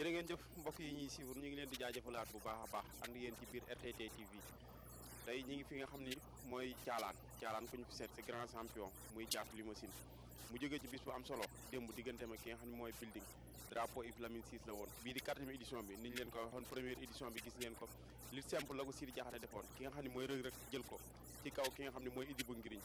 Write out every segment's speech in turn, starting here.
jërë ngeen jëf mbokk yi ñuy suivre ñu ngi leen di jaajëfalaat bu baax a baax ànd yéen ci biir RTT TV tey ñi ngi fi nga xam ni mooy caalaan caalaan ku ñu fi seet si grand champion muy Thiatou Limousine mu jege ci bis bu am solo démb digganteem ak ki nga xam ne mooy building drapeau Yves Lamine Cissé la woon bii di quatrième édition bi niñ leen ko waxoon première édition bi gis ngeen ko li simple la ko Sidi Diakhaté defoon ki xam ne mooy rëg-rëg jël ko ci kaw ki nga xam ne mooy Idibou Ngiriñ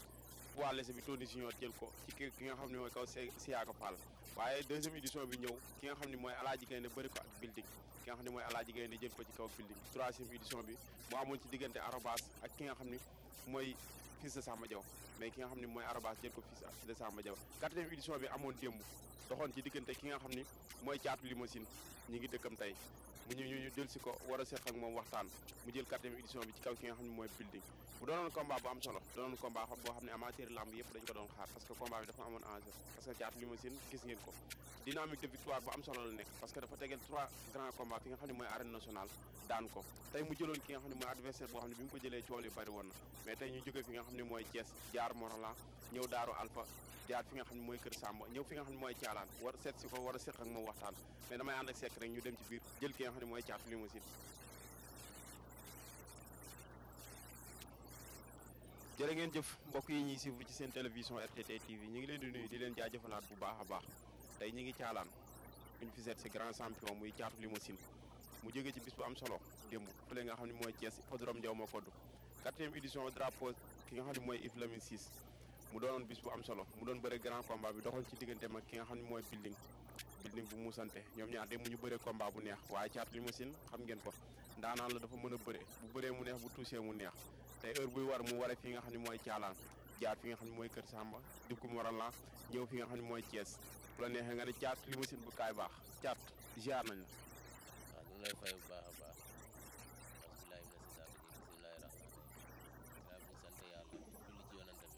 waa lese bi Tony Junior jël ko ki nga xam ne mooy kaw Siaka Fall waaye deuxième édition bi ñëw ki nga xam ne mooy Alaaji Gaynde bëri ko ak building ki nga xam ne mooy Alaaji Gaynde jël ko ci kaw building troisième édition bi mu amoon ci diggante Arobas ak ki nga xam ne mooy fils de Samba Diaw mais ki nga xam ne mooy Arobas jël ko fils de Samba Diaw quatrième édition bi amoon démb doxoon ci diggante ki nga xam ne mooy caatu limousine ñi ngi dëkkam tey mu ñu ñu jël si ko war a seq moom waxtaan mu jël quatrième édition bi ci kaw ki xam mooy building bu doonoon combat bu am solo doonoon combat boo xam ne amateur lamb yëpp dañ ko doon xaar parce que combat bi dafa amoon enjeu parce que caat limousine gis ko dynamique de victoire bu am solo la nekk parce que dafa tegel trois grands combats ki nga xam ne mooy arène nationale daan ko tey mu jëloon ki nga xam ne mooy adversaire boo xam ne nga xam ne mooy Thiès jaar Morolan ñëw Daaru Alpha jaar fi nga xam ne mooy Kër Samba ñëw fi nga mooy Thialane war seet si ko war a seq ak moom waxtaan mais damay ànd ak sekk rek ñu dem ci biir jël ki nga xam ne mooy caatu limousine jërë ngeen jëf mbokk yi ñuy suivre ci seen télévision RTT TV ñu ngi leen di nuyu di leen jaajëfalaat bu baax a baax tey ñi ngi caalaan ñu fi seet si grand champion muy caatu limousine mu jege ci bis bu am solo démb fële nga xam ne mooy Thiès hippodrome Ndiaw Makoddu quatrième édition ki nga xam ne mooy Yves Lamine Ciss mu doonoon bis bu am solo mu doon bëre grand combat bi doxoon ci diggante mag ki nga xam ne mooy building building bu muusante ñoom ñaar démb ñu bëre combat bu neex waaye caatu limousine xam ngeen ko ndaanaan la dafa mën a bëre bu bëree mu neex bu tuusee mu neex tey heure buy war mu waree fi nga xam ne mooy caalaan jaar fi nga xam ne mooy Kër Samba dugg Morala ñëw fi nga xam ne mooy Thiès bu la neexee nga ne caat limousine bu kaay baax caat ziar nañ la. waaw ñu lay fay bu baax a baax alhamdulilah ibna si saatu ji bisimilahi rahmaani rahim ñu sant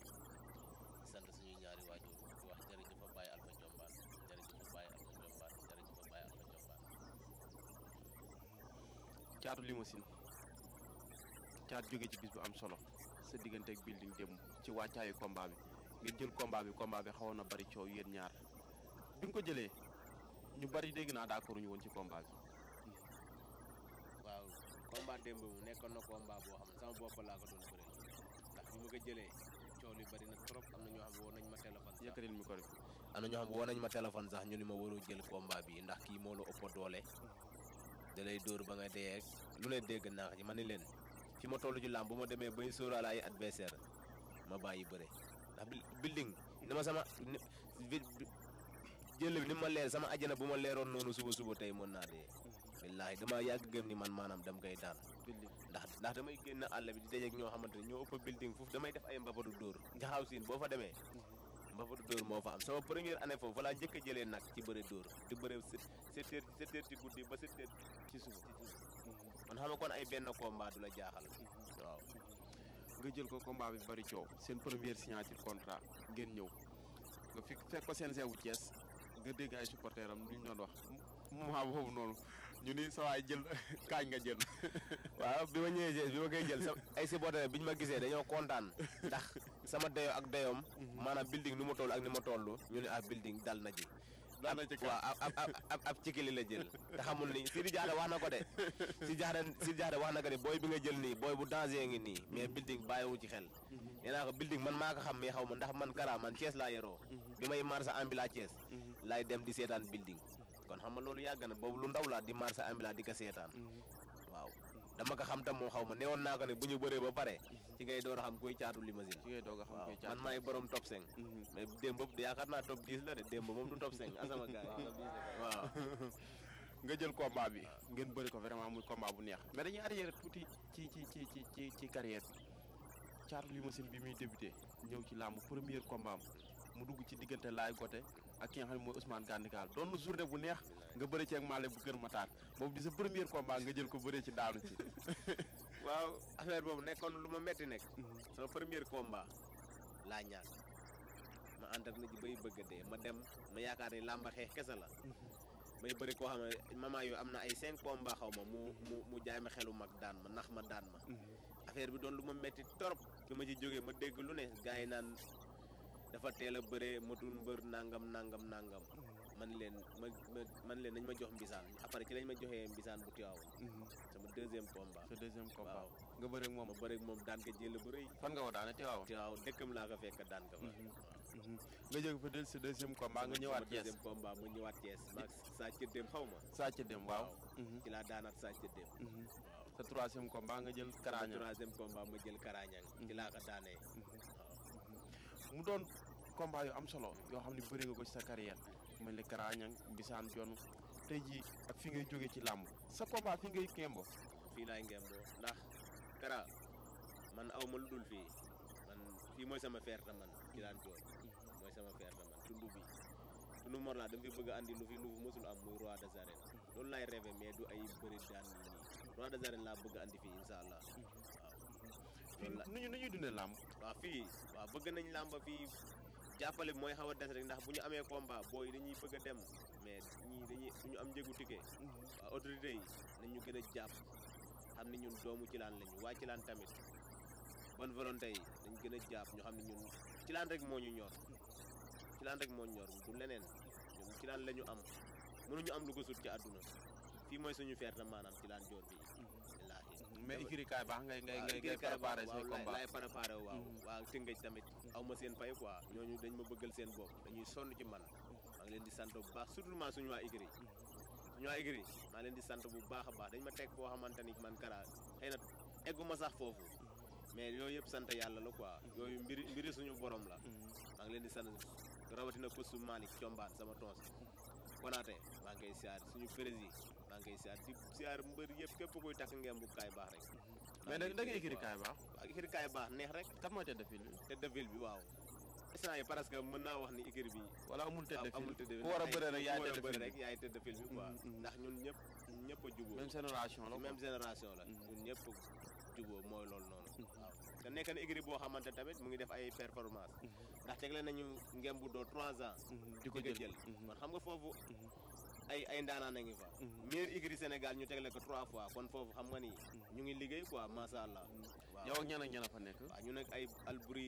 yàlla julli ci yonante bi sant suñu ñaari waajur di wax jërëjëf a bàyyi Alpha Jombaan jërëjëf a bàyyi Alpha Jombaan a bàyyi Alpha Jombaan caatu limousine caat jóge ci bis bu am solo sa diggante ak building démb ci wàccaayu combat bi ngeen jël combat bi combat bi xawoon na bari coow yéen ñaar bi nga ko jëlee ñu bari dégg naa d'accord ñu woon ci combat bi. waaw combat démb mu nekkoon na combat boo xam ne sama bopp laa ko doon bëri ndax bi ma ko jëlee coow li bari na trop am na ñoo xam woo nañ ma téléphone sax. yëkkatil micro bi am na ñoo xam ne woo nañ ñu ni ma waroo jël combat bi ndax kii moo la ëpp doole. da lay dóor ba nga dee lu ne dégg naa ji ma ni leen fi ma toll ci lam bu ma demee bay sóoraale ay adversaire ma bàyyi bëre ndax building. dama sama jël bi ni ma leer sama ajana bu ma leeroon noonu suba suba tey mën naa dee wallaahi dama yàgg gëm ni man maanaam dam koy daan ndax ndax damay génn àll bi di dajeek ñoo xamante ne ñoo ëpp building foofu damay def ay mbapadu dóor jaxaaw siin boo fa demee mhm. mbapadu dóor moo fa am sama première année foofu voilà njëkk a jëlee nag ci bëre dóor di bëre sept heures sept heures ci guddi ba sept heures ci suba mhm. man xam nga kon ay benn combat du la jaaxal mhm. waaw nga jël ko combat bi bari coow seen première signature contrat ngeen ñëw nga fekk ko seen seewu Thiès nga dégg ay supporters am ñu doon wax moment sa waay jël nga jël. waaw bi ma ñëwee Thiès bi ma koy jël sa ay bi ñu ma gisee dañoo kontaan ndax sama dayoo ak dayoom. Mhm. maanaam building nu ma toll ak ni ma toll ñu ne ah building dal na ji. dal na ci waaw ab ab ab cikili la jël te xamul ni Sidi Diatta wax na ko de si Diatta si Diatta wax na ko de booy bi nga jël nii booy bu danger ngi nii mais mhm. building bàyyiwu ci xel. Mhm. nee naa ko building man maa ko xam mais xaw ma ndax man Kara man Thiès laa yoroo. bi may marché ambi laa laay dem di seetaan building kon xam nga loolu yàgg na boobu lu ndaw laa di marché ambulant di ko seetaan mm-hmm. waaw dama ko xam tam moo xaw ma newoon naa ko ne bu ñu bëree ba pare mm-hmm. ci ngay door a xam kuy caatu limousine waaw man maay borom top 5 mm-hmm. mais démb boobu yaakaar naa top 10 la de moom du top 5 ah, nga jël combat bi ngeen bëri ko vraiment muy combat bu neex mais dañuy arrière tuuti ci ci ci ci ci ci carrière bi caatu limousine bi muy débuté ñëw ci làmb premier combat am mu dugg ci diggante laay gote ak ki nga xam ne mooy Ousmane Gandigal doon na journée bu neex nga bëri ci ak bu Kër Matar boobu di sa premier combat nga jël ko bëree ci daanu ci. waaw affaire boobu nekkoon lu ma metti nekk. Mhm. sama premier combat laa ñaan ma ànd ak na ji a dee ma dem ma yaakaar ni làmba xeex kese mhm. may bëri koo xam ne maman am na ay cinq combats xaw ma mu mu mu jaay ma xelu mag daan ma nax ma daan ma. Mhm. affaire bi doon lu ma metti torop ki ma ci jógee ma dégg lu ne gars yi naan dafa teel a bëree matul mbër nangam nangam nangam man leen ma ma leen nañ ma jox mbisaan après ci lañ ma joxee mbisaan bu tiwaaw mhm. sama deuxième combat sa deuxième combat nga bëreeg moom ma bëreeg moom daan ko jël bu nga ko daane tiwaaw tiwaaw dëkkam laa ko fekk daan ko fa mhm. Mhm. nga jóg fa del nga ñëwaat Thiès deuxième combat mu ñëwaat Thiès maag saa ca dem xaw ma saa ca dem waaw ci laa daanaat saa ca dem waaw sa troisième nga jël karaañang troisième combat ma jël karaañang laa ko daanee mu doon combat yu am solo yoo xam ne bëri nga ko ci sa carrière mel ni Karañang Bisaan Jon tey jii ak fi ngay jóge ci làmb sa combat fi ngay kembo fii laay ngemboo ndax Kara man aw ma lu dul fii man fii mooy sama feer man ci daan jooy mooy sama fierté man tund bi tund Mor laa dama fi bëgg a lu fi lu mësul am muy roi des arènes loolu laay rêvé mais du ay bëri daan nii roi des laa bëgg a andi fii incha allah nu ñu nu ñuy dundee làmb waaw fii waaw bëgg nañu làmb fii jàppale mooy xaw a des rek ndax bu ñu amee combat booy dañuy bëgg a dem mais ñu dañuy suñu am njëgu ticket mhm. waaw autorité yi nañ ñu gën a jàpp xam ne ñun doomu cilaan lañu waa cilaan tamit bonne volonté yi dañ gën a jàpp ñu xam ne ñun cilaan rek moo ñu ñor cilaan rek moo ñu ñor du leneen ñun cilaan la ñu am mënuñu am lu ko sut ci àdduna fii mooy suñu feer na maanaam cilaan joor bi mhm. mais écurie kaay baax ngay ngay ngay ngay préparé say combat laay préparé waaw mhm. waaw tëngëj tamit aw ma seen pay quoi ñooñu dañ ma bëggal seen bopp dañuy sonn ci man maa ngi leen di sant bu baax surtout ment suñu waa écurie suñu waa écurie maa leen di sant bu baax a baax dañ ma teg foo xamante ni man kara xëy na ma sax foofu mais yooyu yëpp sant yàlla la quoi mhm. yooyu mbiri mbiri suñu borom la mhm. maa ngi leen di sant rawatina kostu Malick Combaan sama tons konaate maa ngi koy siyaar suñu président maa ngi koy siyaar di siyaar mbër yëpp képp koy takk ngeen bu kaay baax rek. Mhm. mais da nga écrit kaay baax. bi. waaw. instant yi mën naa wax ni écrit bi. wala amul tête de a bi rek yaay mm-hmm. ndax ñun ñëpp ñëpp a jubóo. génération la mm-hmm. ñun ñëpp jubóo mooy loolu noonu. Mm-hmm. te nekk na écrit boo xamante tamit mu ngi def ay performance ndax tegle nañu ngeen doo trois ans. di ko jël kon xam nga foofu ay ay ndaanaan a ngi fa meilleur écurie Sénégal ñu tegle ko trois fois kon foofu xam nga ni ñu ngi liggéey quoi masha Allah waaw yow ak ñan ak ñan a fa nekk waaw ñu nekk ay Albouri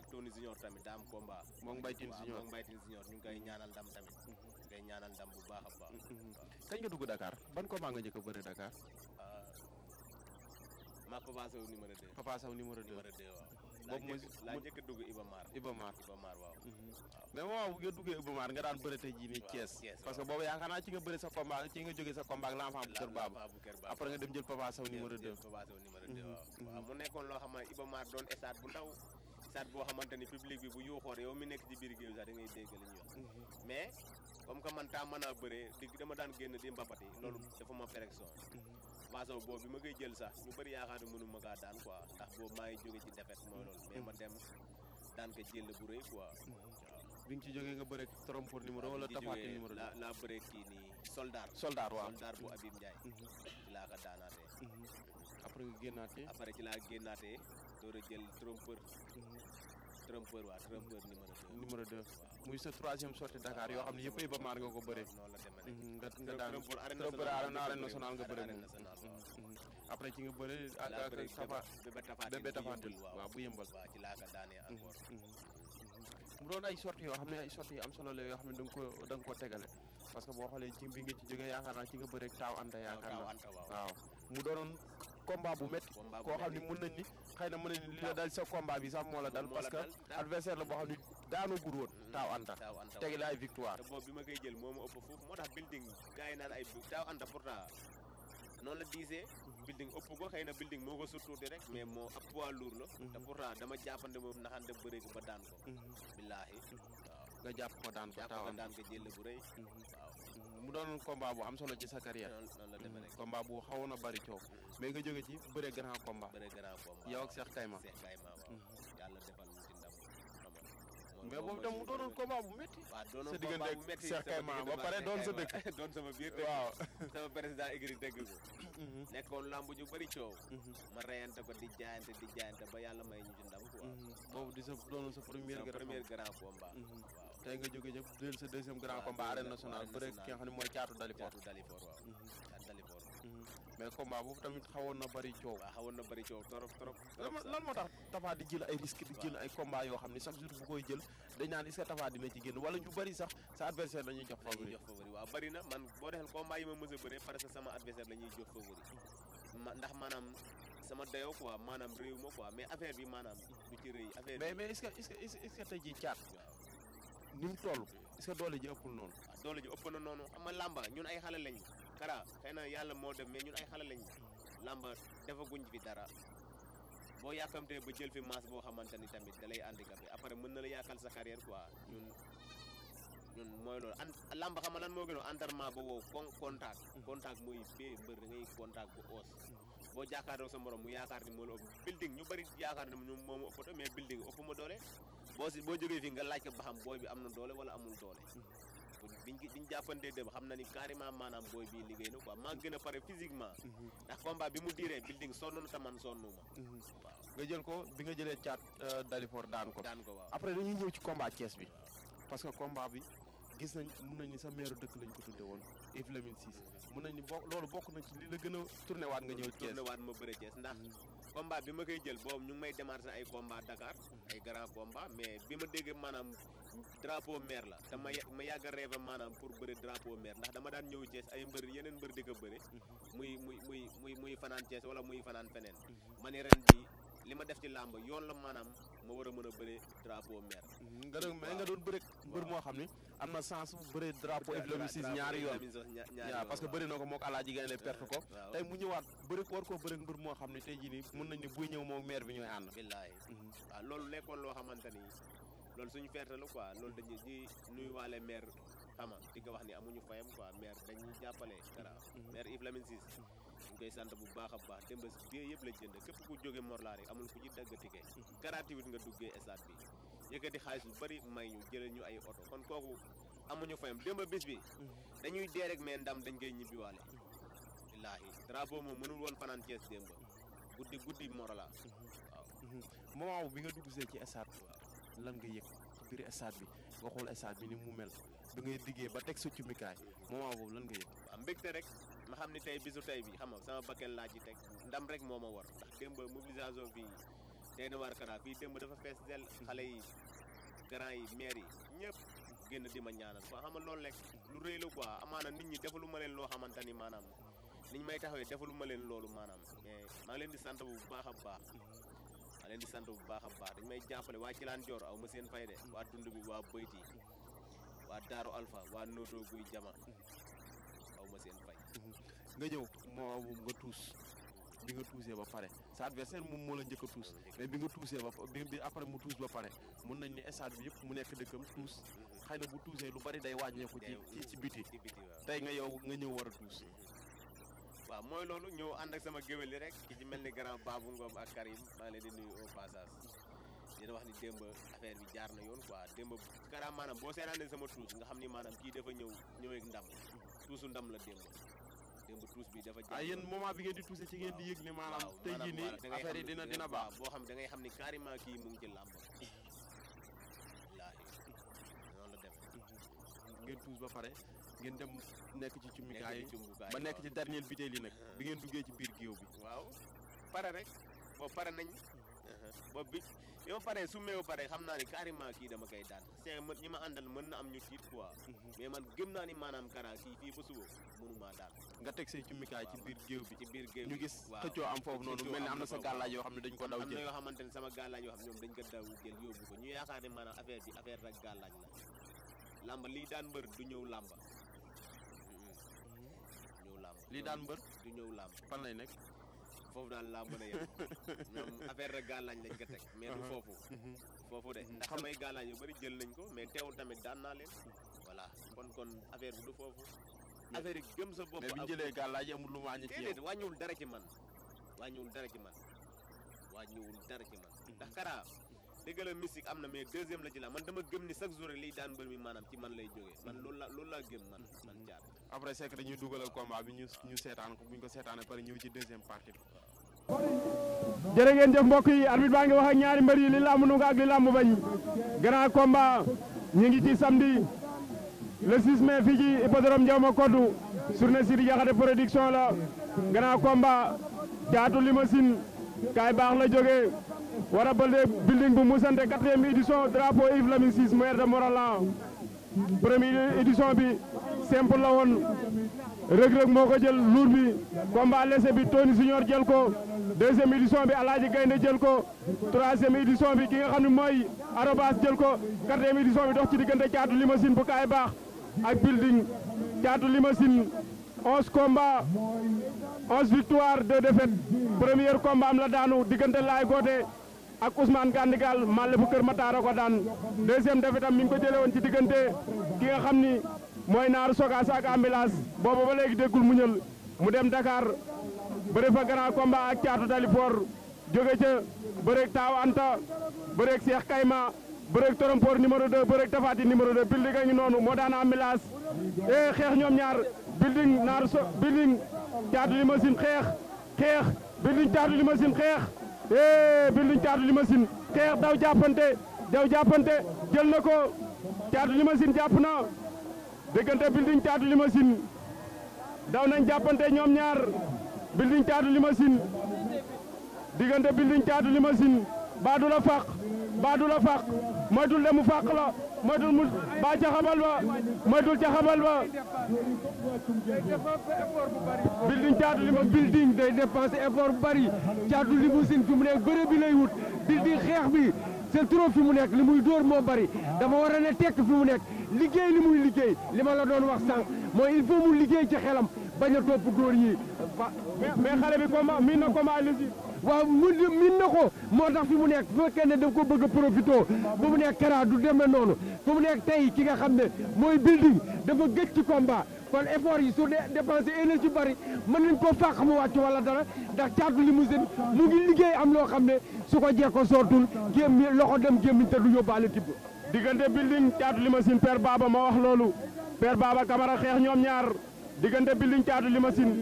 ak Tony Junior tamit daa am combat. moom Mbaye Tine Junior moom Mbaye Tine Junior ñu ngi koy ñaanal ndam tamit. Mm-hmm. ñu koy ñaanal ndam bu baax a baax. Mm-hmm. kañ nga dugg Dakar ban combat nga njëkk a bëri Dakar. Ah, maa Papa Sow numéro 2. Papa Sow numéro 2 numéro 2 waaw. boobu mooy laa njëkk a mu nekkoon loo xam ne doon stade bu ndaw. sat boo xamante ni public bi bu yuuxoo rek yow mi nekk ci biir géew sax da ngay dégg mhm. mais comme que man a bëree di dama daan génn di mbapat yi mhm. loolu dafa ma perfection mhm. façon boobu ma koy jël sax ñu bëri yaakaar ne ma kaa daan quoi ndax boobu maa defet mooy loolu mais ma dem daan ko jël bu rëy quoi bi nga ci jógee nga bëreeg trompour numéro wala tapaate numéro la laa bëreeg kii nii soldat soldat waaw soldat bu Abib Ndiaye daanaatee après nga a trompeur waa trompeur numéro 2. muy sa troisième sortie Dakar yoo xam ne yëpp Iba Mar nga ko bëree. noonu la demee mm-hmm. nga nga daan trompeur mm-hmm. après ci nga bëree Taaw Anta mm-hmm. yaakaar naa waaw mu doonoon combat bu métti koo xam ne mën nañ ni xëy na mën nañ li la dal sa combat bi sax moo la dal parce que adversaire la boo xam ne daanoo gudd woon mm, taaw anta tegi la ay victoire te boobu bi ma koy jël moo ma ëpp foofu moo tax building gars yi naan ay taaw anta pourtant noonu la diisee building ëpp ko xëy na building moo ko surtuuti rek mais moo ab poids lourd la mm-hmm. te pourtant dama jàppande moom naxande bëreeg ba daan ko mm-hmm. Mm-hmm. daan ko taaw mu doonoon combat bu am solo ci sa carrière. noonu la demee rek combat bu xawoon a bëri coow. mais nga jóge ci bëre grand combat. bëre grand combat yow ak Cheikh Kayma. Cheikh Kayma waaw. Mhm. yàlla defal ñu ci ndam xam nga. mais boobu tam mu doonoon combat bu métti. waaw sa diggante doon sa dëkk. sama biir dëkk waaw. sama président écrit dëgg ko. Mhm. nekkoon lamb ju bëri coow. Mhm. ma reyante ko di jaayante di jaayante ba yàlla may ñu ci ndam quoi. boobu di sa doonoon sa première grand tey nga jóge jëf jël sa deuxième grand combat arène nationale bëre ki nga mooy caatu Dalifor caatu mhm. caatu Dalifor mhm. mais combat boobu tamit xawoon na bëri coow waaw xawoon na bëri coow trop trop lan moo tax Tapha jël ay risque di yoo xam ne chaque jour bu koy jël dañ naan est-ce que ci génn wala ñu bëri sax sa adversaire la ñuy jox favori bëri na man boo dexel combat a bëre parce que sama adversaire ndax maanaam sama dayoo quoi maanaam réew ma quoi mais affaire bi maanaam mais mais est ji caat ni mu toll est ce que doole ji ëppul noonu. Ah, ëpp na noonu xam nga làmba ñun ay xale lañ kara xëy na yàlla moo dem mais ñun ay xale lañ làmba defaguñ fi dara boo yàkkamtee ba jël fi masse boo xamante ni tamit dalay lay handicapé après mën na la yàqal sa carrière quoi ñun ñun mooy loolu an làmba xam nga lan moo gën a entraînement ba wow kon contact. Hmm. contact mooy bee mbër da ngay contact bu oos. Hmm. boo jàkkaarloo sa morom mu yaakaar ni moo la ñu bëri yaakaar ni moom moo ma ëppatoo mais building ëpp ma doole. boo si boo jógee fi nga laaj ko ba xam booy bi am na doole wala amul doole. Mm-hmm. biñ biñ jàppantee xam na ni carrément maanaam booy bii liggéey na quoi maa gën a mm-hmm. bi mu diiree building sonn na taman sonnu ma. Mm-hmm. waaw nga jël ko bi nga jëlee caat euh, Dalifor daan ko. daan ko waaw après dañuy ñëw ci combat Thiès bi. parce que combat bi gis nañ mun nañ sa meeru dëkk lañ ko tudde woon Yves Lamine Cissé mun nañ ni bokk loolu bokk na ci li la gën a tourné nga ñëw Thiès tourné waat ma bëre Thiès ndax. combat bi ma koy jël boobu ñu may démarrer ay combat dakaar ay grand combat mais bi ma déggee maanaam drapeau maire la te ma ma yàgg a maanaam pour bëri drapeau maire ndax dama daan ñëw Thiès ay mbër yeneen mbër di ko bëri mhm. muy muy muy muy muy fanaan Thiès wala muy fanaan feneen mhm. ma ne ren bi li ma def ci làmb yoon la maanaam ma war a mën a bëree drapeau maire. nga doon mais nga doon bëri moo xam ni am na sens bëree drapeau Evlomi Ciss ñaari yoon waaw parce que bëri na ko moog Alaaji Gaynde perte ko tey mu ñëwaat bëri war koo bëri moo xam ne tey jii nii mën nañ ne buy ñëw moom maire bi ñooy ànd. billaay mhm. loolu lekkoon loo xamante ni loolu suñu ferte la quoi loolu dañuy di nuyuwaale maire ama di nga wax ni amuñu fayam quoi maire dañuy jàppale. dara mhm. maire Evlomi Ciss mhm. koy sant bu baax a baax démb bie yëpp la jënd képp ku jóge morlaa rek amul ku ci dagg ticket gratuit mhm. nga duggee stade bi yëkkati xaalis bu bari may ñu jëlal ñu ay oto kon kooku amuñu fayam démb bis bi mhm. dañuy dee rek mais ndam dañ koy ñibbiwaale billaahi mhm. drapeau moom mënul woon fanaan Thiès démb guddi guddi morola waaw moment bi nga dugg see ci stade lan nga yëg ci biir stade bi nga xool stade bi ni mu mel bi ngay diggee ba teg sa cumikaay moment boobu lan ma xam ni tey bisu tey bi xam nga sama bakkan laa ci teg ndam rek moo ma war ndax démb mobilisation fii tey na war kana fii démb dafa fees del xale yi grand yi maire yi ñëpp génn di ma ñaanal quoi xam nga loolu rek lu rëy la quoi amaana nit ñi defalu ma leen loo xamante ni maanaam niñ may taxawee defalu ma leen loolu maanaam mais maa leen di sant bu baax a baax maa leen di sant bu baax a baax dañ may jàppale waa Cilaan Joor aw ma seen fay de waa dund bi waa Bëyti waa Daaru Alpha waa Noto Guy Jama nga ñëw moo nga tuus bi nga tuusee ba pare sa adversaire moom moo la njëkk a tuus mais bi nga tuusee ba bi après mu tuus ba mun nañ ni bi yëpp mu nekk dëkkam tuus xëy na bu tuusee lu bari day wàññeeku ci ci biti tey nga yow nga ñëw war a tuus waaw mooy loolu ñëw ànd ak sama géwél yi rek ki ci mel ni grand baabu Ngom ak Karim maa ngi leen di nuyu au passage dina wax ni démb affaire bi jaar na yoon quoi démb Karam maanaam boo seetaanee sama tuus nga xam ni maanaam kii dafa ñëw ñëwee ak ndam tuusu ndam la démb démb tuus bi dafa ah, bi ngeen di tuuse ci ngeen di yëg ne maanaam tey jii nii dina dina baax boo xam da ngay xam ne carrément kii mu ngi ci la demee ngeen tuus ba pare ngeen dem nekk ci cumbukaay yi ba nekk ci dernier butéel yi nag bi ngeen duggee ci biir géew bi waaw pare rek boo pare nañ bopp bi yow pare su meew pare xam naa ne carrément kii dama koy daan c'est ñi ma àndal mën na am ñu tiit quoi mhm. mais man gëm naa ni maanaam karaa kii fii ba suba mënumaa daan nga teg say cummikaay ci biir bi ci biir géew bi ñu gis xëccoo am foofu noonu mel ni am na sa gàllaaj yoo xam ne dañ ko daw jël am na yoo xamante ko daw jël ko ñu yaakaar ne maanaam affaire bi affaire rek gàllaaj la làmba lii daan mbër du ñëw làmba mhm. mm-hmm. ñëw làmba lii daan mbër du ñëw làmba fan lay nekk foofu daal laa mën a yem ñoom affaire rek gàllaañ lañ ko teg mais du uh-huh. foofu uh-huh. foofu de uh-huh. ndax samay gàllaañ yu bari jël nañ ko mais teewul tamit daan naa leen voilà kon kon affaire bi du foofu affaire yi gëm sa bopp mais bi ñu jëlee gàllaaj lu wàññi ci yow dara man wàññiwul dara ci man wàññiwul dara ci man ndax Kara dëgg la mystique am na mais deuxième la ci la man dama gëm ni chaque jour rek daan mbër mi maanaam ci man lay jóge man loolu la loolu laa gëm man man caat après c'est que dañuy dugalal combat bi ñu ko bu ñu ko seetaanee pare ñëw jëf mbokk yi arbitre baa ngi wax ak ñaari mbër yi li làmb nu ak li làmb bañ grand combat ñu ngi ci samedi le 6 mai fii ci hippodrome Ndiawma Koddu journée Sidi Diakhaté production la grand combat Thiatou Limousine kaay baax la jógee war a bëlde building bu Moussante quatrième édition drapeau Yves Lamine Ciss maire de Morolan première édition bi simple la woon Reug Reug moo ko jël luur bi combat léger bi Tony Junior jël ko deuxième édition bi Alaaji Gaynde jël ko troisième édition bi ki nga xam ne mooy Arobas jël ko quatrième édition bi dox ci diggante caatu limousine bu kaay baax ak building caatu limousine onze combats onze victoires deux défaites premier combat la daanu diggante laay goote ak Ousmane Gandigal malle bu Kër Matar a ko daan deuxième défaite am mi ngi ko jëlee woon ci diggante ki nga xam ni mooy naaru Sogas ak ambulance boobu ba léegi déggul mu mu dem Dakar bëre fa grand combat ak caatu Dalifort jóge ca bëreeg Taaw Anta bëreeg Cheikh Kayma bëreeg Torompor numéro 2 bëreeg Tafati numéro 2 noonu moo daan ambulance e xeex ñoom ñaar building naaru so building caatu limousine xeex xeex building caatu limousine xeex. Eh, Building li Limousine xeex daw jàppante daw jàppante jël na ko Thiatou Limousine jàpp na diggante Building Thiatou Limousine daw nañ jàppante ñoom ñaar Building li Limousine diggante Building Thiatou Limousine baa du la fàq baa du la fàq moytul de mu fàq la moytul mu ba ca xabal ba moytul ca xabal ba building caatu li ma building day dépenser effort bu bari caatu li mu sin fi mu nekk bëre bi lay wut building xeex bi c'est trop fi mu nekk li muy dóor moo bari dafa war a ne tekk fi mu nekk liggéey li muy liggéey li ma la doon wax sànq moo il faut liggéey ci xelam bañ a topp góor yi. mais xale bi combat miin na combat légitime. waaw mu miin na ko moo tax fi mu nekk bu fekkee ne daf ko bëgg a ba mu nekk Kara du demee noonu fu mu nekk tey ki nga xam ne mooy building dafa gëj ci combat. kon effort yi su dee dépensé énergie yu bari mën nañ koo fàq mu wàcc wala dara ndax caatu limousine mu ngi liggéey am loo xam ne su ko ko jekko sootul géem loxo dem gémmiñ te du yóbbaale tibb diggante building caatu limousine père Baba moo wax loolu père Baba Camara xeex ñoom ñaar diggante building caatu Limassine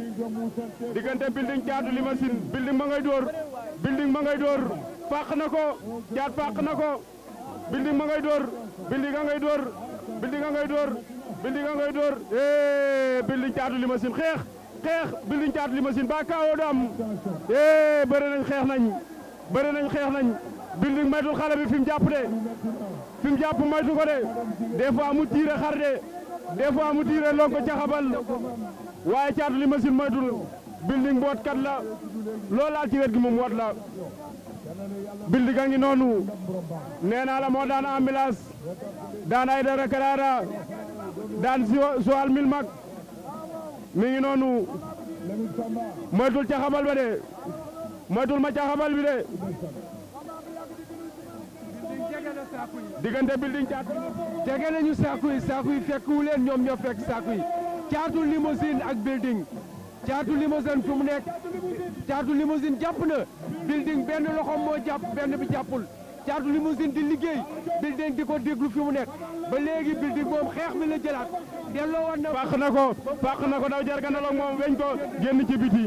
diggante building caatu Limassine building ma ngay door building ma ngay door fàq na ko caat fàq na ko building ma ngay door building a ngay door building a ngay door building a ngay door eh building caatu Limassine xeex xeex building caatu Limassine ba kaawoo du am eh bëri nañ xeex nañ bëri nañ xeex nañ building maytul xale bi fi mu jàpp de fi mu jàpp maytu ko de des fois mu tiire des fois mu tiiree loo ko waaye caatu li moytul building boot kat la loo ci wet gi moom woot la building a ngi noonu nee naa la moo daan ambulance daan ay dara karaara daan suwal mil mag mi noonu moytul caxabal ba de moytul ma caxabal bi de diggante building caatu tege nañu saaku yi saaku yi fekkuwu leen ñoom ñoo fekk saaku yi caatu limousine ak building caatu limousine fu mu nekk caatu limousine jàpp na building benn loxo moo jàpp benn bi jàppul caatu limousine di liggéey building di ko déglu fi mu nekk ba léegi building moom xeex bi la jëlaat delloo woon na. pàq na ko pàq na ko daw jargandaloog moom weñ ko génn ci biti.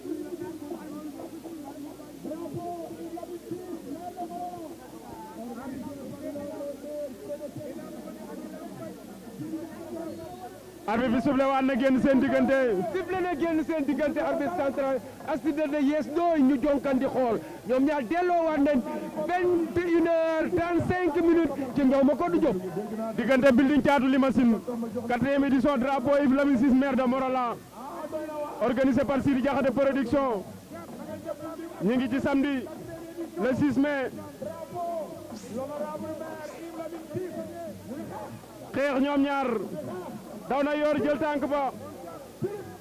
arbitre bi soufflé waat na génn seen diggante soufflé na génn seen diggante arbitre central accident de yees dooy ñu jonkan di xool ñoom ñaar delloo waat nañ vingt et une heures trente cinq ma ko du jóg diggante building caatu Limassine quatrième édition drapeau Yves Lamine Ciss maire de Morolan organisé par Sidi Diakhaté production ñu ngi ci samedi le 6 mai xeex ñoom ñaar daw na yoor jël tànk ba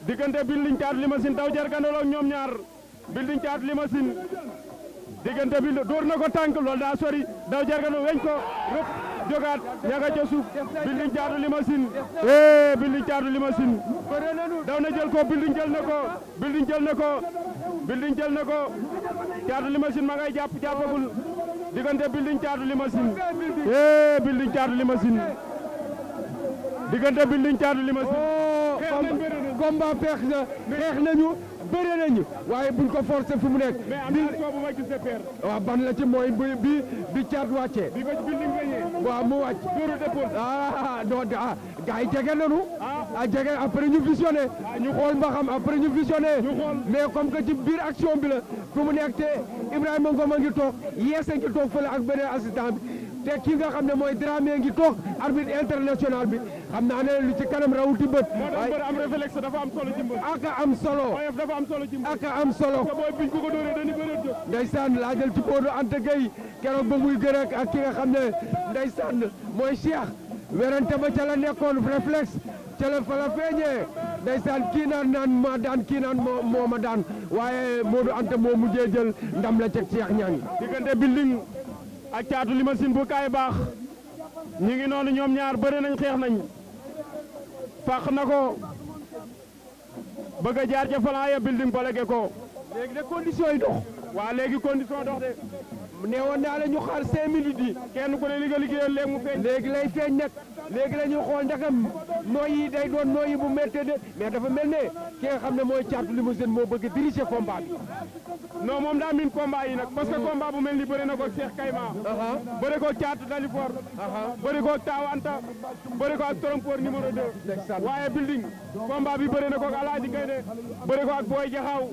diggante Building Thiatou Limousine daw jargandoloo ñoom ñaar Building Thiatou Limousine diggante bi dóor na ko tànk lool daa sori daw jargandoo weñ ko rëpp jogaat ña nga ca suuf Building Thiatou Limousine eh Building Thiatou Limousine daw na jël ko Building jël na ko Building jël na ko Building jël na ko Thiatou Limousine ma ngay jàpp jàppagul diggante Building Thiatou Limousine eh li Thiatou Limousine diggante bi liñ caatu li ma si. combat peex na xeex nañu bëre nañu waaye buñ ko forcer fi mu nekk. mais am na soo bu ma gisee peer. waaw ban la ci mooy bi bi bi caat wàccee. bi ba bi lim la waaw mu wàcc. dóoru dépose ah jege nañu. Ah. ah jege après ñu visionné. Ah, ñu xool ba xam après ñu visionné. ñu xool mais comme que ci biir action bi la fi mu nekk te Ibrahima Ngom a ngi toog yeesa ngi toog fële ak beneen assistant te ki nga xam ne mooy Dramé ngi toog arbitre international bi. xam naa ne lu ci kanam rawuti bët. waaye am réflexe dafa am solo ci mbër. ak am solo. oyof am solo ci mbër. ak am solo. te booy biñ ko ko dóoree dañuy bëre jóg. ndeysaan laajal ci booru Anta Gueye keroog ba muy gën ak ki nga xam ne ndeysaan mooy Cheikh werante ba ca la nekkoon réflexe ca la fa la feeñee ndeysaan kii naan naan ma daan kii naan moo moo ma daan waaye Modou Anta moo mujjee jël ndam la ca Cheikh Niang. diggante building ak caatu limasin bu kaay baax ñu ngi noonu ñoom ñaar bëre nañ xeex nañ. fàq na ko bëgg a jaar ca Falaye building ba lege ko léegi nag condition yi dox waa léegi condition dox de neewoon naa la ñu xaar cinq minutes yi kenn ku ne li mu feeñ léegi lay feeñ nag léegi la day doon nooyi bu méttee de mais dafa mel ne ki nga xam ne mooy caatu limousine moo bëgg diriger combat bi moom daa min combat yi nag parce que combat bu mel ni bëri na ko Cheikh Kayma caatu Dalifor bëri ko Tawanta ak Trompeur numéro 2 waaye building combat bi bëri na ko ak Gaynde bëri ko ak Boy Jaxaaw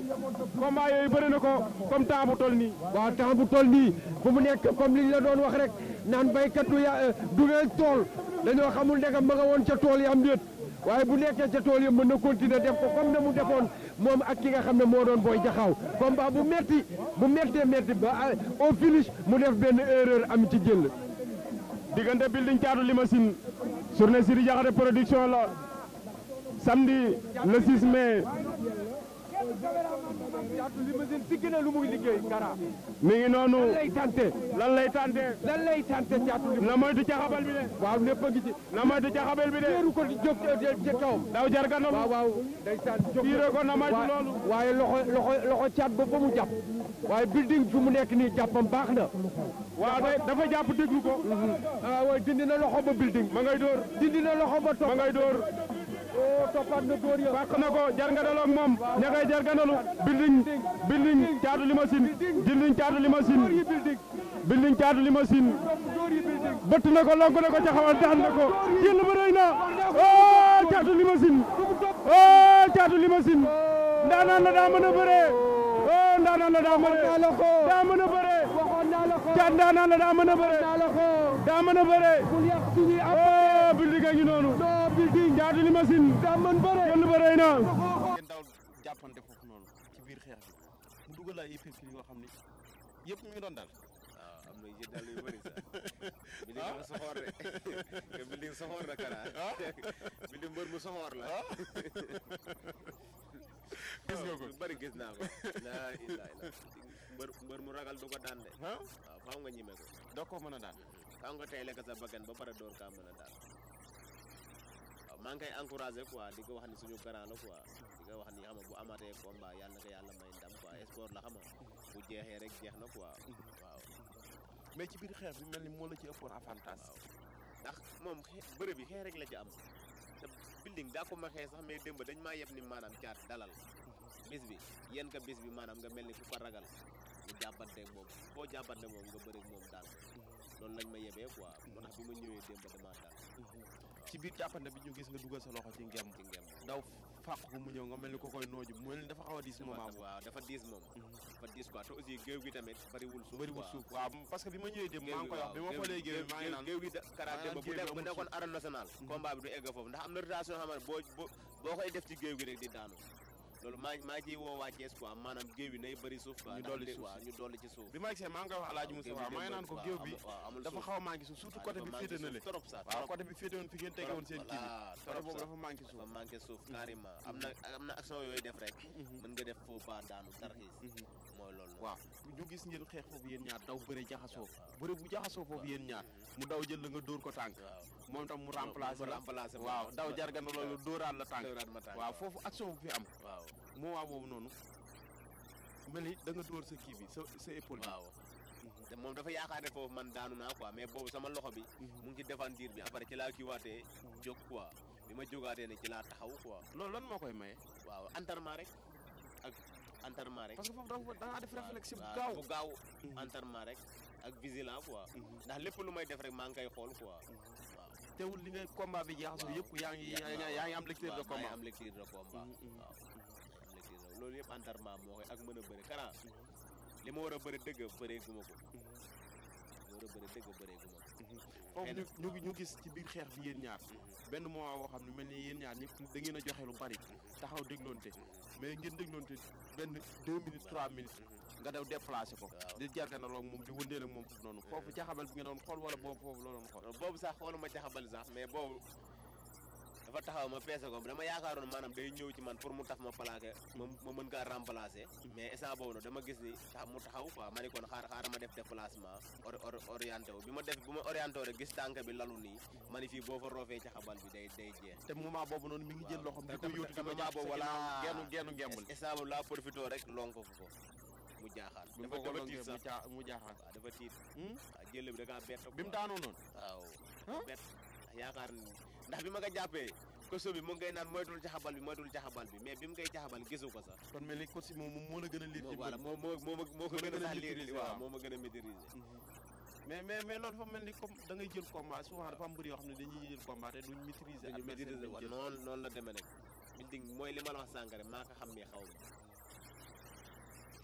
na ko comme temps fu mu nekk comme liñ la doon wax rek naan baykatu ya euh, dugal tool dañoo xamul ndegam ma nga woon ca tool yi am déet waaye bu nekkee ca tool yi mën na continuer def ko comme na mu defoon moom ak ki nga xam ne moo doon booy jaxaaw combat bu metti bu mettee metti ba euh, au finish mu def benn erreur am ci jël diggante building caatu limousine si Sidi Diakhaté production la samedi le 6 mai caatu limousine digg a lu muy liggéey kara mi ngi noonu lan lay tante lan lay tante lan lay tante caatu limousine na moytu caxabal bi de waaw lépp a ngi ci na moytu caxabal bi de teeru ko jóg ca kaw daw jarganam waaw waaw ndeysaan jóg tiire ko na moytu loolu waaye loxo loxo loxo caat ba ba mu waaye building fi mu nekk nii jàppam baax na waaw dafa jàpp déglu ko mhm. ah, waaw dindi na loxo ba building ma ngay door dindi na loxo ba topp ma ngay door toppaat na góor ya bàq na ko jarngandaloo ak moom ña ngay jarngandalu building building caatu limousine building caatu limousine building caatu limousine bëtt na ko lonk na ko caxawal daan na ko jël ba rëy na oh caatu limousine oh caatu limousine ndaanaan la daa a bëree oh ndaanaan la daa mën a daa mën a bëree caat ndaanaan la daa mën a bëree daa mën a bëree oh building a ngi noonu jaatu li machine daa mën bëre lu bëree na ngeen daaw noonu ci biir xeex bi mu dugal ay épis yoo xam ne yëpp ñu doon dal waaw ah, am na yéen daal yu bëri sax bi li ma soxoor de bi li soxoor la mu soxoor la gis gis naa ko laa ilaa mbër mu ragal du ko daan de waaw ah? ah, faaw nga ñime ko doo mën a daan faaw nga tey lekk sa bakkan ba pare door kaa mën a daan waaw maa ngi koy encouragé quoi di ko wax ni suñu garant la quoi di ko wax ni xam nga bu amatee combat yàlla na ko yàlla may ndam quoi sport la xam bu jeexee rek jeex na quoi waaw mais ci biir xeex bi mel ni moo la ci a avantage ndax moom bëre bi xeex rek la ci am te building daa ko ma xee sax mais démb dañ maa yeb ni maanaam caat dalal bis bi yéen ka bis bi maanaam nga mel ni ku ko ragal mu jàppante ak moom boo jàppante moom nga bëri moom daal loolu lañ ma yebee quoi moo tax bi ma ñëwee démb damaa ci biir jàppante bi ñu gis nga dugal sa loxo ci ngemb daw fàq ko mu ñëw nga mel ni ko koy nooju mu mel ni dafa xaw a diis moment waaw dafa diis moom mhm. dafa diis quoi te aussi tamit bariwul suuf bariwul suuf waaw parce que bi ma ma ngi naan géew gi karaté ba bu def bu nekkoon arène nationale mhm. combat du egg foofu ndax am na rotation xam boo koy def ci géew gi rek di daanu loolu maa maa ngi ciy woo waa Thiès quoi maanaam géew bi nay bëri suuf quoi ñu dolli ci suuf ñu dolli ci suuf bi ma a maa ngi koy wax alaaji Moustapha maa ngi naan ko géew bi a xaw a manqué suuf surtout côté bi féete na le trop sax waaw côté bi féete woon fi ngeen tege bi côté boobu suuf dafa manqué mhm. am na am yooyu def rek mhm. mën nga def faux pas daanu tarxiis mhm. mooy loolu waaw ñu gis ngeen xeex foofu yéen ñaar daw bëre jaxasoo bëre bu jaxasoo foofu yéen ñaar mu daw jël la nga dóor ko tànk moom tam mu remplacé la waaw daw jargan na loolu la tànk waaw foofu action bu fi am da nga dóor sa kii bi sa sa épaule bi moom dafa yaakaar ne foofu man daanu naa quoi mais boobu sama loxo bi mhm. mu ngi ci défendir bi après ci laa kii waatee mhm. jóg quoi bi ma jógaatee ne ci laa taxaw quoi loolu lan moo koy maye waaw entraînement rek enterrement rek. parce que foofu da nga def réflexe bu gaaw bu gaaw enterrement rek ak vigilant quoi. Mm-hmm. ndax lépp lu may def rek maa ngi koy xool quoi. Mm-hmm. waaw teewul li nga combat bi jaaxasoo yëpp yaa ngi am lecture de combat. Mm-hmm. am lecture de combat waaw. loolu yëpp ak mën a bëri karaa li ma war a bëri dëgg bëreeguma ko. war a bëre dëgg bëree gu moom mhm. foofu ñu ñu gis ci biir xeex bi yéen ñaar mhm. benn moment boo xam ne mel ni yéen ñaar ñëpp a joxe lu bari taxaw dégloonte mais ngeen dégloonte benn deux minutes trois minutes mhm. nga daw déplacé ko di jargana loog moom di wëndeel moom foofu noonu foofu jaxabal bi nga doon xool wala boobu foofu la doon xool boobu sax xooluma jaxabal sax mais boobu dafa taxaw ma peese ko dama yaakaaroon maanaam day ñëw man pour mu taf ma plaqué ma ma mën kaa remplacer mais instant boobu nag dama gis ni mu taxaw quoi ma ne kon xaar xaar ma def déplacement wu bi ma def bi ma orienté rek gis tànk bi lalu nii ma ni fii boo fa roofee ca xabal bi day jeex te moment boobu noonu mi ngi jël loxom di ko yóotu di ko jàpp boobu wala gennu rek lonko fu ko mu jaaxaan dafa dafa tiit sax mu jaaxaan waaw dafa tiit hmm? waaw jël bi da kaa bett bi mu daanoo noonu waaw bett yaakaar ni ndax bi ma ko jàppee koso bi mu ngay naan moytul jaxabal bi moytul jaxabal bi mais bi mu ngay jaxabal gisu ko sax kon mel ni coach moom moo la a liir voilà moo moo moo moo ko gën a sax liir mhm. mais mais mais loolu dafa mel ni comme da ngay jël combat souvent dafa am mbër yoo xam ne dañuy jël combat te duñ maîtriser mooy li ma la wax sàngare maa ko xam ne xaw ma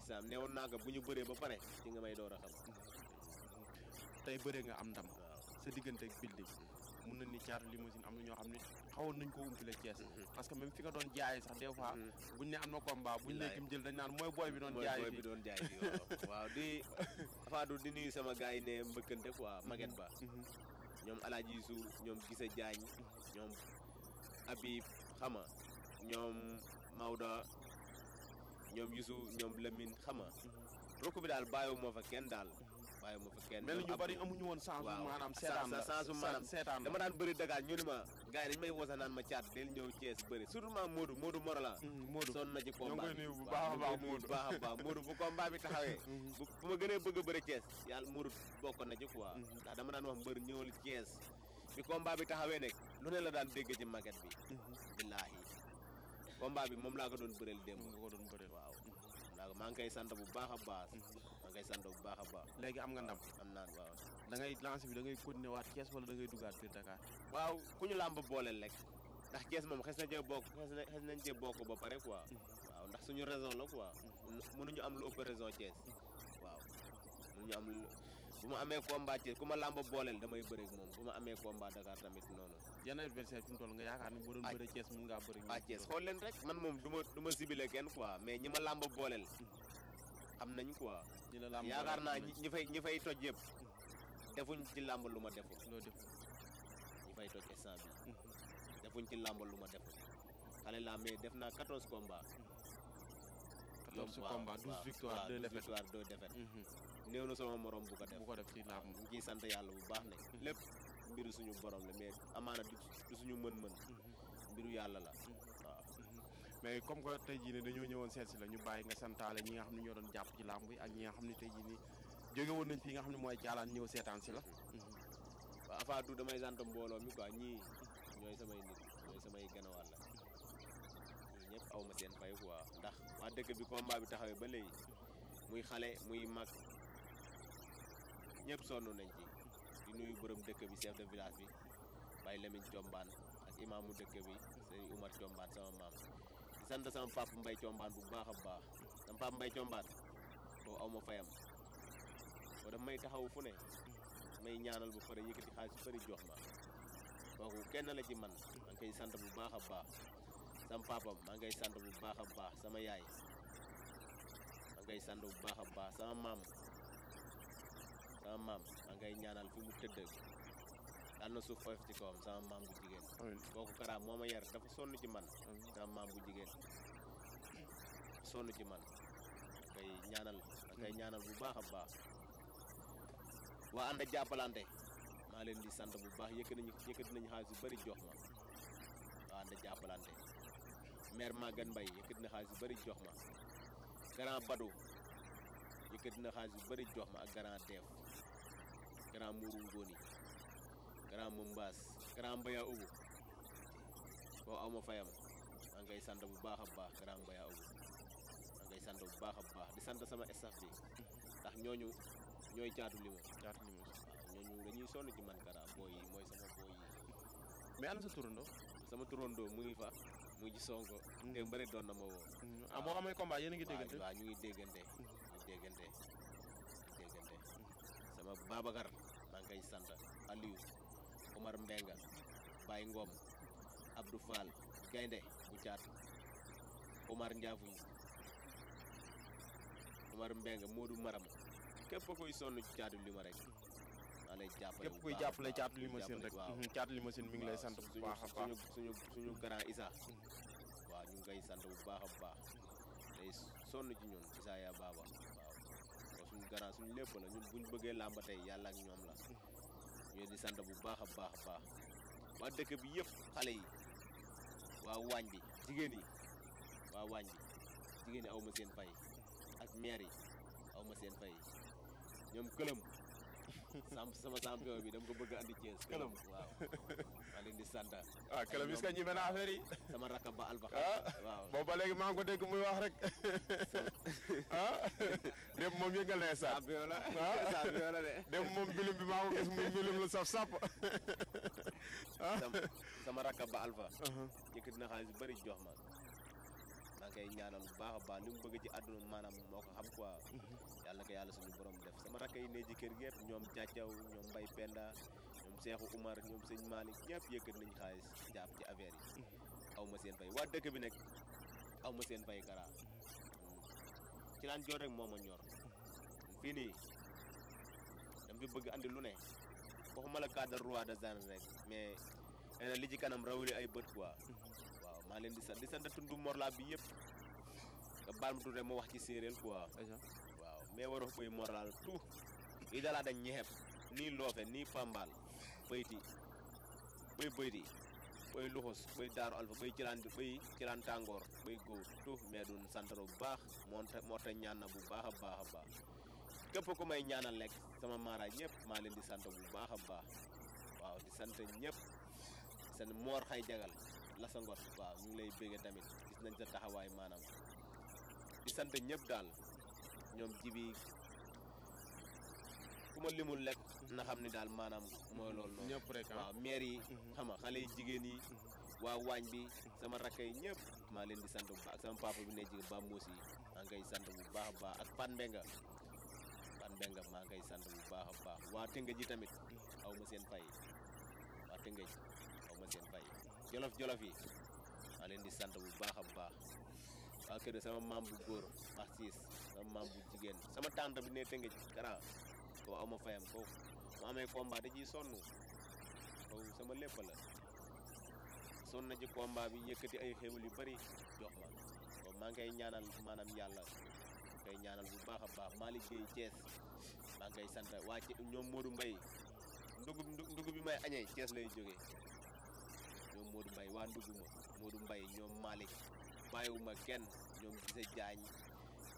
sam newoon naa ko bu ñu bëree ba pare ci nga may door a xam tey bëree nga am ndam sa diggante ak mën nañ ni ñaata limousine am na ñoo xam ne xawoon nañ ko umpile Thiès mhm. parce que même fi nga doon jaay sax des fois mhm. buñ ne am na combat buñ ne kim jël dañ naan mooy booy bi doon jaay bi doon jaay waaw di Fadou di nuyu sama gars yi ne mbëkkante quoi mhm. Maguette Ba ñoom Alaaji Su ñoom Gisa Jaañ ñoom Habib xama ñoom Maoda ñoom Yusu ñoom Lamine xama rokku bi daal bàyyiwu moo fa kenn daal bàyyi ma fa kenn mel ñu bari amuñu woon chance maanaam seetaan la chance maanaam seetaan dama daan bëri Dakar ñu ne ma gars yi dañ may wasa naan ma caat del ñëw Thiès bëri surtout ma Modou Modou Morolan mm, Modou sonn na ci combat bi bu baax a baax Modou baax a baax Modou bu combat bi taxawee mm-hmm. bu ma gënee bëgg a bëri Thiès mm-hmm. dama daan wax mbër ñëwal Thiès bi combat bi taxawee nekk lu ne la daan dégg ci maquette bi mm-hmm. billaahi combat bi moom laa ko doon bëreel démb. ko doon bëreel waaw. maa ngi bu baax a koy sant bu baax a baax. léegi am nga ndam. am naa waaw. da ngay lancé bi da ngay waat Thiès wala da duggaat biir Dakar. waaw ku ñu làmb booleel rek. ndax Thiès moom xes na cee bokk ba pare quoi. Mm-hmm. waaw ndax suñu raison la quoi. Mm-hmm. mënuñu am lu ëpp raison mm-hmm. amee combat Thiès ku ma làmb booleel damay bëreeg moom bu ma amee combat Dakar tamit noonu. yan adversaire fi mu toll nga yaakaar ni boo doon bëree Thiès mën ngaa bëri. ah Thiès xool leen rek man moom du ma du ma sibile kenn quoi mais ñi ma làmb booleel. xam nañ quoi. yaakaar naa ñi fay ñi fay toj yëpp. defuñ ci làmb lu ma deful. loo deful ñi fay toj instant bi mm-hmm. defuñ ci làmb lu ma deful. xale laa mais def naa quatorze combats. quatorze combats douze victoires deux défaites victoire deux défaites. néew na sama morom bu ko def bu ko def ci làmb sant yàlla bu baax ne. Mm-hmm. lépp mbiru suñu borom la mais amaana du suñu mën-mën. Mm-hmm. mbiru yàlla la. mais comme que tey jii ne dañoo ñëwoon seet si la ñu bàyyi nga santaale ñi nga xam ne ñoo doon jàpp ci làmb yi ak ñi nga xam ne tey jii nii jóge woon nañ fi nga xam ne mooy caalaan ñëw seetaan si la. Mm-hmm. waaw avant tout damay sant mbooloo mi quoi ñii ñooy samay nit ñooy la aw ma seen fay quoi ndax waa dëkk bi mbaa bi taxawee ba léegi muy xale muy mag ñëpp sonn nañ ci di nuyu borom dëkk bi chef de village bi Baye Lamine Thiombane ak imaamu dëkk bi Serigne Oumar Thiombane sama maam. sant sama papa Mbaye Combaan bu baax a baax sama papa Mbaye Combaan boo aw ma fayam boo daf may taxaw fu ne may ñaanal bu pare yëkkati xaalis bu bëri jox ma kooku kenn la ci man maa ngi sant bu baax a baax sama papam maa ngi sant bu baax a baax sama yaay maa ngi sant bu baax a baax sama maam sama maam maa ngay ñaanal fi mu tëdd àll na suuf oyof ci kawam sama maam bu jigéen kooku karaam moo ma yar dafa sonn ci man sama maam bu jigéen sonn ci man kay ñaanal kay mm. ñaanal bu baax a baax waa ànd ak jàppalante maa leen di sant bu baax yëkk nañu yëkkati nañu xaalis yu bëri jox ma waa ànd ak jàppalante maire Maguette Mbaye yëkkati na xaalis yu bëri jox ma grand Badou yëkkati na xaalis yu bëri jox ma ak grand Deef grand Mourou Ngoni grand Mombaas grand Mbaya Ubu koo aw ma fayam maa ngay sant bu baax a baax grand Mbaya sant bu baax a baax di sant sama staff bi ndax ñooñu ñooy caatu limo caatu limo waaw ñooñu dañuy sonn ci man kara booy mooy sama booy yi mais ana sa turandoo sama turandoo mu ngi fa mu ngi ci sonko mm. doon na ma woo mm. ah boo amee combat a mm. ngi déggante ñu ngi déggante ñu déggante déggante sama Babacar maa ngay sant Aliou Omar Mbenga Baye Ngom Abdou Fall Gaynde bu caat Omar Ndiafoum Omar Mbenga Modou Maram képp koy sonn ci caatu li ma rek maa lay jàppale képp kuy jàppale mm-hmm. caatu limousine rek caatu mi ngi lay sant bu baax a baax suñu suñu mm-hmm. Isa waaw ñu ngi koy sant bu baax a baax day sonn ci ñun Isa yaa baaba waaw suñu grand suñu lépp la ñun buñ bëggee ba tey yàlla ak ñoom la mm-hmm. ñu di sant bu baax a baax a baax waa dëkk bi yëpp xale yi waa waañ bi jigéen yi waa waañ bi jigéen yi aw ma seen fay ak maire yi aw ma fay ñoom këlëm samp sama champion bi dama ko bëgg a andi Thiès. këlëm waaw maa leen di sant. waaw këlëm gis nga ñeme na affaire yi. sama rakab ba alba ah, waaw boobu ba léegi maa ngi ko dégg muy wax rek. ah dem moom yëngal na sax. champion la ah, dem moom bilim bi maa ko gis muy bilim la saf sap. Ah. sama rakab ba alba. Uh-huh. yëkkati na xaalis bu jox ma. koy ñaanal bu baax a baax ni mu bëgg ci àdduna maanaam moo ko xam quoi mm-hmm. yàlla ko yàlla suñu borom def sama rakk yi ne ci kër gi yëpp ñoom jàccaw ñoom Mbay Penda ñoom Seexu Umar ñoom sëñ Malick ñëpp yëkkat nañ xaalis jàpp ci affaire yi mm-hmm. ma seen fay waa dëkk bi nekk aw ma seen fay kara mm-hmm. ci laan joor rek moo ma ñor fii nii dama fi bëgg andi lu ne waxuma la cadre roi des arènes rek mais li ci kanam ay bët quoi maa leen di sant di sant tundu Morla bi yëpp nga baal ma tuuti moo wax ci séeréer waa waaw mais waroo koy Morlaal tout i dalaa dañ ñeexeb nii loofe nii Pambal bëyti bëy bëyti bëy luxus bëy daaru alfa bëy ciraan bëy ciraan tàngoor bëy góob tout mais dun santaro bu baax moo tax bu baax a baax a baax képp ko may ñaana lekk sama maara ñëpp maa leen di sant bu baax a baax waaw di sant ñëpp seen moor xay jagal Lassa Ngor waaw ñu ngi lay bégge tamit gis nañ sa taxawaay maanaam di sant ñëpp daal ñoom jibi ku ma limul lekk na xam ni daal maanaam mooy lool noonu ñëpp rek ah. waaw mhm. xale yi jigéen yi mhm. waa waañ bi sama rakk yi ñëpp maa leen di sant bu baax ak sama papa bi ne jigéen ba muusi maa ngay sant bu baax a baax ak Pan Mbenga Pan Mbenga maa ngay sant bu baax a baax waa Tëngéej ji tamit mhm. aw ma seen fay waa Tëngéej aw ma seen fay jolof jolof yi maa leen di sant bu baax a baax waa kër sama maam bu góor artiste sama maam bu jigéen sama tante bi ne tënge ci karaa koo ama fayam koo mu amee combat da ciy sonn sama lépp la sonn na bi yëkkati ay xéwal yu bari jox ma kon maa ngi koy ñaanal maanaam yàlla koy ñaanal bu baax a baax maa Gueye Thiès maa ngi koy sant waa ci ñoom Modou Mbaye ndugub ndugub bi may añee Thiès lay jóge waa nduguma Modou Mbaye ñoom Malick bàyyiwuma ken ñoom Gise Jaañ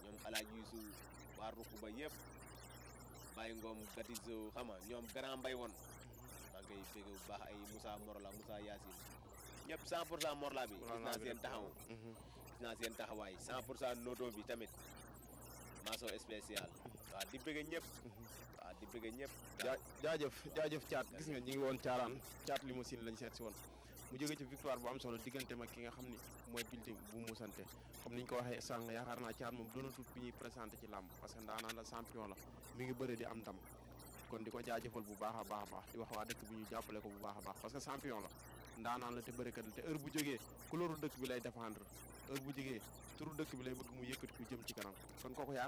ñoom alaaj Yuusu waa ruq ba yëpp bàyyi ngoom gatiso xama ñoom grand mbay woon maa ngi koy bëgg bu baax ay Moussa Morla Moussa Yacine ñëpp 100 pour cent Morla bi gis naa seen taxaw gis naa taxawaay 100 pour cent noto bi tamit maçon spécial waaw di bëgg ñëp waaw di bëgg ñëpp jaajëf jaajëf caat gis nga ñu ngi woon caaraan caat limousine lañ seet si woon mu jógee ci victoire bu am solo diggante ma ki nga xam ni mooy building bu musante comme niñ ko waxee sàng yaakaar naa caat moom doonatul bi ñuy présenté ci làmb parce que ndaanaan la champion la mi ngi bëre di am ndam kon di ko jaajëfal bu baax a baax baax di wax waa dëkk bi ñu jàppale ko bu baax a baax parce que champion la ndaanaan la te bërekat la te heure bu jógee couleur dëkk bi lay défendre heure bu jógee turu dëkk bi lay bëgg mu yëkkati ku jëm ci kanam kon kooku